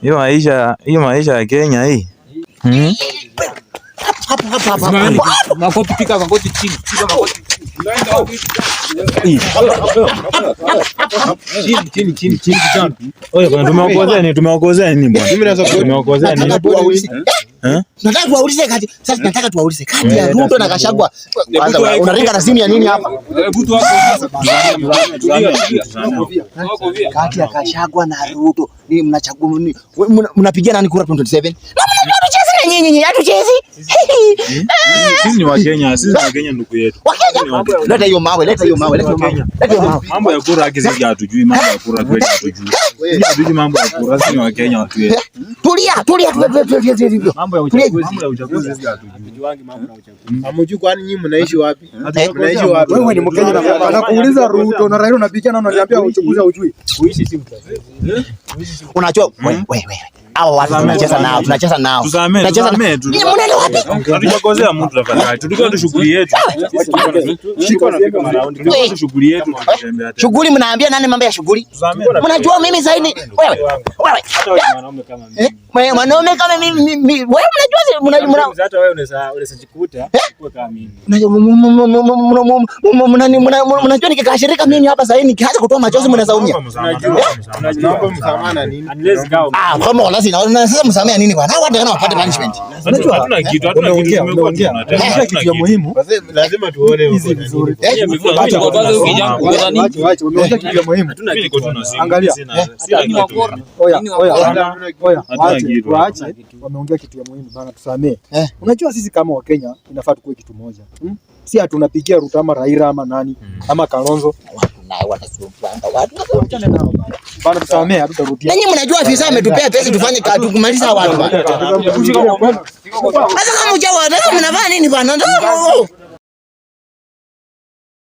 Hii maisha ya Kenya hii. Tumewakozea hmm? nini bwana? Tumewakozea nini? Eh? Nataka tuwaulize kati. Sasa eh? nataka tuwaulize kati eh, ya Ruto na Gachagua. unaringa na simu ya nini hapa? Kati ya Gachagua na Ruto ni mnachagua nini? Mnapigia nani kura 2027? yetu. Leta mawe, leta mawe, Mambo ya kura hatujui, mambo ya kura hatujui. mambo ya kura, sisi wa Kenya watu wetu tulia, tulia, tulia. Mambo hmm. eh? Eh, Wewe ni Mkenya na nakuuliza Ruto na Raila unapigana unaniambia uchaguzi hujui. Hmm? Unajua wewe wewe au tunacheza nao, tunacheza nao, shughuli Mnaambia nani mambo ya shughuli? Mnajua mimi zaidi wewe, wewe wewe, mwanaume kama mimi, wewe mnajua, hata wewe unaweza unajikuta kama mimi, mnajua nikikashirika mimi hapa sasa hivi nikianza kutoa machozi mnaweza umia, mnajua msamana nini, unless kazi na sasa, msamea nini bwana? Hao watu kana wapate punishment. Unajua hatuna kitu, hatuna kitu, tumekuwa tunataka. Hatuna kitu muhimu, lazima tuone vizuri. Acha kwanza ukijanga kuna nini? Unajua kitu muhimu, hatuna kitu, tunasema. tuna simu. Angalia, oya oya oya, waache waache, wameongea kitu muhimu bana, tusamee. Eh. Unajua sisi kama wa Kenya inafaa tukuwe kitu moja, hmm? si hatunapigia Ruto ama Raila ama nani hmm. ama Kalonzo. Watu nao wanasumbua watu, waachane nao bana. Bana tusamee, hatutarudia. Nanyi mnajua afisa ametupea pesa tufanye kazi kumaliza watu. Sasa kama mnavaa nini bana?